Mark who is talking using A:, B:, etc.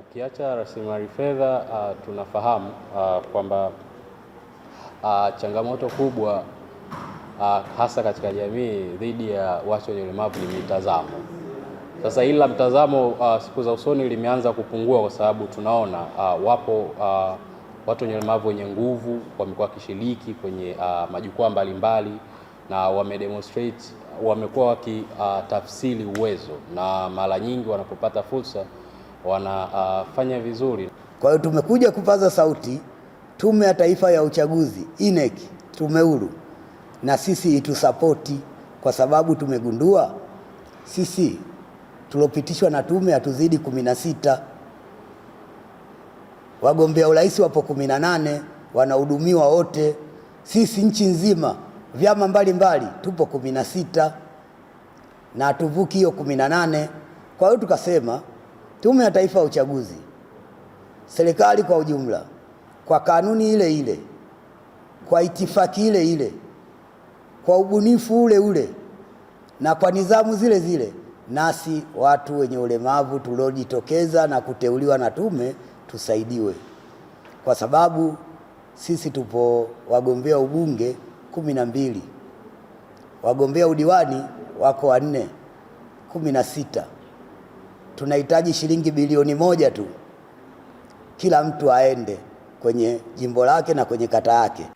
A: Ukiacha rasilimali fedha uh, tunafahamu uh, kwamba uh, changamoto kubwa uh, hasa katika jamii dhidi ya watu wenye ulemavu ni mitazamo. Sasa hili la mtazamo uh, siku za usoni limeanza kupungua kwa sababu tunaona uh, wapo uh, watu wenye ulemavu wenye nguvu wamekuwa wakishiriki kwenye uh, majukwaa mbalimbali na wamedemonstrate, wamekuwa wakitafsiri uh, uwezo na mara nyingi wanapopata fursa wanafanya uh, vizuri.
B: Kwa hiyo tumekuja kupaza sauti Tume ya Taifa ya Uchaguzi INEC, tume huru, na sisi itusapoti, kwa sababu tumegundua sisi tuliopitishwa na tume hatuzidi 16. Wagombea urais wapo 18, wanahudumiwa wote. Sisi nchi nzima vyama mbalimbali mbali, tupo 16 na tuvuki hiyo 18. Kwa hiyo tukasema Tume ya Taifa ya Uchaguzi, serikali kwa ujumla, kwa kanuni ile ile, kwa itifaki ile ile, kwa ubunifu ule ule na kwa nidhamu zile zile, nasi watu wenye ulemavu tuliojitokeza na kuteuliwa na tume tusaidiwe, kwa sababu sisi tupo wagombea ubunge kumi na mbili, wagombea udiwani wako wanne, kumi na sita tunahitaji shilingi bilioni moja tu, kila mtu aende kwenye jimbo lake na kwenye kata yake.